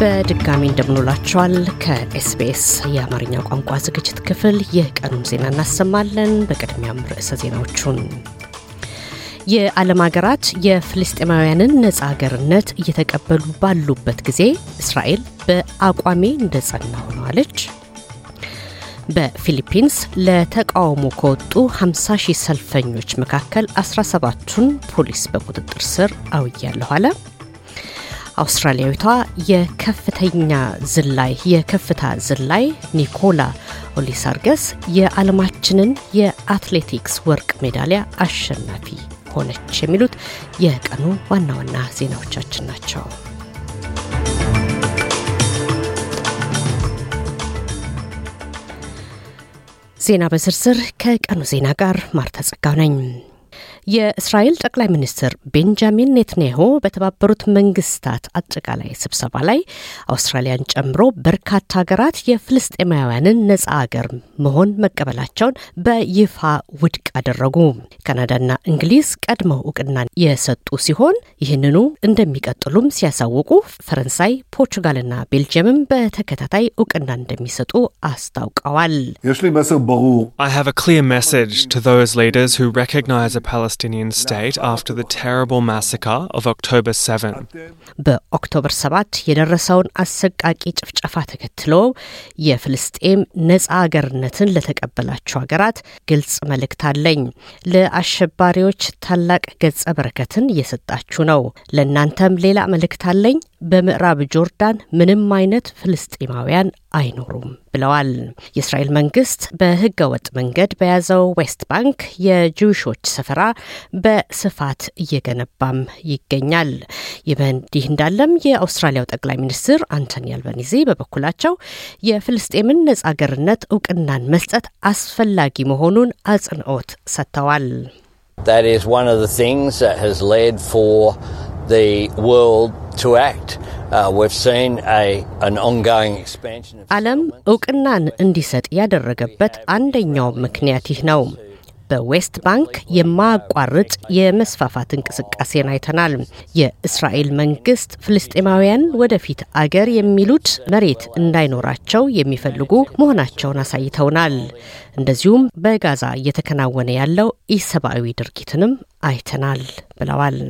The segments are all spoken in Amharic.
በድጋሚ እንደምንውላችኋል። ከኤስቢኤስ የአማርኛ ቋንቋ ዝግጅት ክፍል የቀኑን ዜና እናሰማለን። በቅድሚያም ርዕሰ ዜናዎቹን የዓለም ሀገራት የፍልስጤማውያንን ነጻ አገርነት እየተቀበሉ ባሉበት ጊዜ እስራኤል በአቋሜ እንደጸና ሆነዋለች። በፊሊፒንስ ለተቃውሞ ከወጡ 50 ሺህ ሰልፈኞች መካከል 17ቱን ፖሊስ በቁጥጥር ስር አውያለሁ አውስትራሊያዊቷ የከፍተኛ ዝላይ የከፍታ ዝላይ ኒኮላ ኦሊሳርገስ የዓለማችንን የአትሌቲክስ ወርቅ ሜዳሊያ አሸናፊ ሆነች። የሚሉት የቀኑ ዋና ዋና ዜናዎቻችን ናቸው። ዜና በዝርዝር ከቀኑ ዜና ጋር ማርታ ጸጋው ነኝ። የእስራኤል ጠቅላይ ሚኒስትር ቤንጃሚን ኔትንያሁ በተባበሩት መንግስታት አጠቃላይ ስብሰባ ላይ አውስትራሊያን ጨምሮ በርካታ ሀገራት የፍልስጤማውያንን ነጻ አገር መሆን መቀበላቸውን በይፋ ውድቅ አደረጉ። ካናዳና እንግሊዝ ቀድመው እውቅና የሰጡ ሲሆን ይህንኑ እንደሚቀጥሉም ሲያሳውቁ ፈረንሳይ፣ ፖርቹጋልና ቤልጅየምም በተከታታይ እውቅና እንደሚሰጡ አስታውቀዋል። I have a clear message to those leaders who recognize a Palestinian state after the terrible massacre of October 7. በኦክቶበር 7 የደረሰውን አሰቃቂ ጭፍጨፋ ተከትሎ የፍልስጤም ነጻ አገርነትን ለተቀበላቸው ሀገራት ግልጽ መልእክት አለኝ። ለአሸባሪዎች ታላቅ ገጸ በረከትን እየሰጣችሁ ነው። ለእናንተም ሌላ መልእክት አለኝ። በምዕራብ ጆርዳን ምንም አይነት ፍልስጤማውያን አይኖሩም ብለዋል። የእስራኤል መንግስት በህገ ወጥ መንገድ በያዘው ዌስት ባንክ የጂውሾች ሰፈራ በስፋት እየገነባም ይገኛል። ይህ በእንዲህ እንዳለም የአውስትራሊያው ጠቅላይ ሚኒስትር አንቶኒ አልበኒዚ በበኩላቸው የፍልስጤምን ነጻ አገርነት እውቅናን መስጠት አስፈላጊ መሆኑን አጽንኦት ሰጥተዋል። That is one of the things that has led for Uh, ዓለም እውቅናን እንዲሰጥ ያደረገበት አንደኛው ምክንያት ይህ ነው። በዌስት ባንክ የማያቋርጥ የመስፋፋት እንቅስቃሴን አይተናል። የእስራኤል መንግስት ፍልስጤማውያን ወደፊት አገር የሚሉት መሬት እንዳይኖራቸው የሚፈልጉ መሆናቸውን አሳይተውናል። እንደዚሁም በጋዛ እየተከናወነ ያለው ኢሰብአዊ ድርጊትንም አይተናል ብለዋል።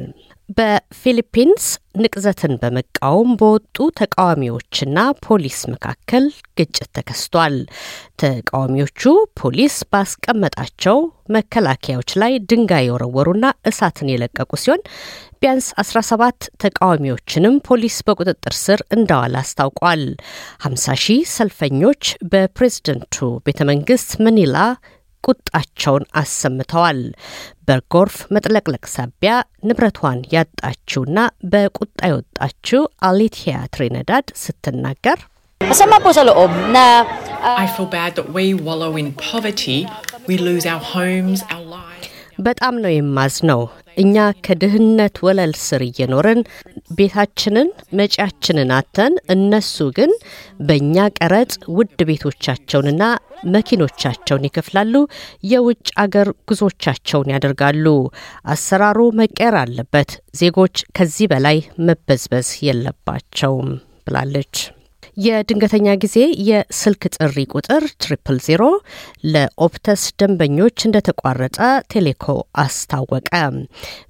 በፊሊፒንስ ንቅዘትን በመቃወም በወጡ ተቃዋሚዎችና ፖሊስ መካከል ግጭት ተከስቷል። ተቃዋሚዎቹ ፖሊስ ባስቀመጣቸው መከላከያዎች ላይ ድንጋይ የወረወሩና እሳትን የለቀቁ ሲሆን ቢያንስ 17 ተቃዋሚዎችንም ፖሊስ በቁጥጥር ስር እንዳዋል አስታውቋል። 50 ሺህ ሰልፈኞች በፕሬዝደንቱ ቤተ መንግስት መኒላ ቁጣቸውን አሰምተዋል። በጎርፍ መጥለቅለቅ ሳቢያ ንብረቷን ያጣችውና በቁጣ የወጣችው አሌቲያ ትሪነዳድ ስትናገር I feel bad that we wallow in poverty, we lose our homes, our በጣም ነው የማዝ ነው። እኛ ከድህነት ወለል ስር እየኖርን ቤታችንን መጪያችንን አተን፣ እነሱ ግን በእኛ ቀረጽ ውድ ቤቶቻቸውንና መኪኖቻቸውን ይከፍላሉ፣ የውጭ አገር ጉዞቻቸውን ያደርጋሉ። አሰራሩ መቀየር አለበት። ዜጎች ከዚህ በላይ መበዝበዝ የለባቸውም ብላለች። የድንገተኛ ጊዜ የስልክ ጥሪ ቁጥር ትሪፕል ዜሮ ለኦፕተስ ደንበኞች እንደተቋረጠ ቴሌኮ አስታወቀ።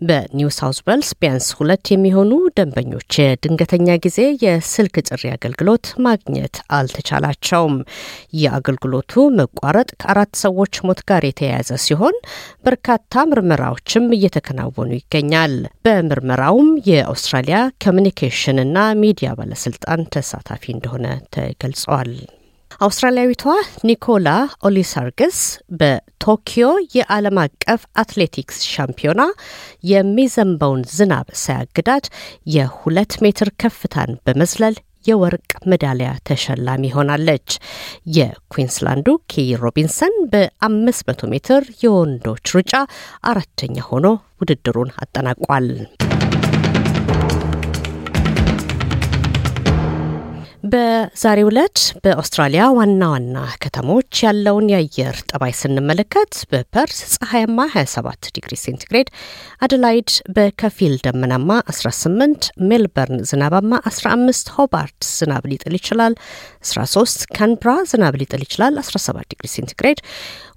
በኒው ሳውዝ ዌልስ ቢያንስ ሁለት የሚሆኑ ደንበኞች የድንገተኛ ጊዜ የስልክ ጥሪ አገልግሎት ማግኘት አልተቻላቸውም። የአገልግሎቱ መቋረጥ ከአራት ሰዎች ሞት ጋር የተያያዘ ሲሆን በርካታ ምርመራዎችም እየተከናወኑ ይገኛል። በምርመራውም የአውስትራሊያ ኮሚኒኬሽንና ሚዲያ ባለስልጣን ተሳታፊ እንደሆነ እንደሆነ ተገልጸዋል። አውስትራሊያዊቷ ኒኮላ ኦሊሳርግስ በቶኪዮ የዓለም አቀፍ አትሌቲክስ ሻምፒዮና የሚዘንበውን ዝናብ ሳያግዳት የሁለት ሜትር ከፍታን በመዝለል የወርቅ ሜዳሊያ ተሸላሚ ሆናለች። የኩዊንስላንዱ ኬይ ሮቢንሰን በ500 ሜትር የወንዶች ሩጫ አራተኛ ሆኖ ውድድሩን አጠናቋል። በዛሬው ዕለት በአውስትራሊያ ዋና ዋና ከተሞች ያለውን የአየር ጠባይ ስንመለከት በፐርስ ፀሐያማ 27 ዲግሪ ሴንቲግሬድ፣ አደላይድ በከፊል ደመናማ 18፣ ሜልበርን ዝናባማ 15፣ ሆባርት ዝናብ ሊጥል ይችላል 13፣ ካንብራ ዝናብ ሊጥል ይችላል 17 ዲግሪ ሴንቲግሬድ፣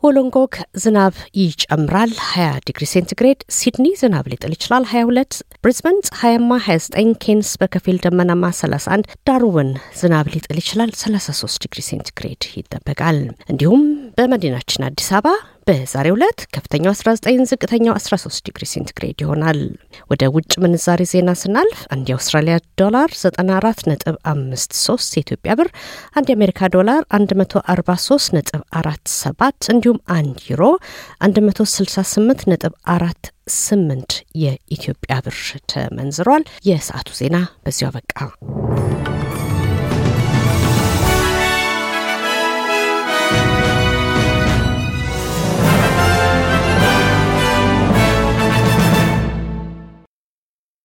ወሎንጎክ ዝናብ ይጨምራል 20 ዲግሪ ሴንቲግሬድ፣ ሲድኒ ዝናብ ሊጥል ይችላል 22፣ ብሪዝበን ፀሐያማ 29፣ ኬንስ በከፊል ደመናማ 31፣ ዳርዊን ዝናብ ሊጥል ይችላል። 33 ዲግሪ ሴንቲግሬድ ይጠበቃል። እንዲሁም በመዲናችን አዲስ አበባ በዛሬው ዕለት ከፍተኛው 19 ዝቅተኛው 13 ዲግሪ ሴንቲግሬድ ይሆናል። ወደ ውጭ ምንዛሬ ዜና ስናልፍ አንድ የአውስትራሊያ ዶላር 94 ነጥብ 53 የኢትዮጵያ ብር፣ አንድ የአሜሪካ ዶላር 143 ነጥብ 47 እንዲሁም አንድ ዩሮ 168 ነጥብ 4 የኢትዮጵያ ብር ተመንዝሯል። የሰዓቱ ዜና በዚሁ አበቃ።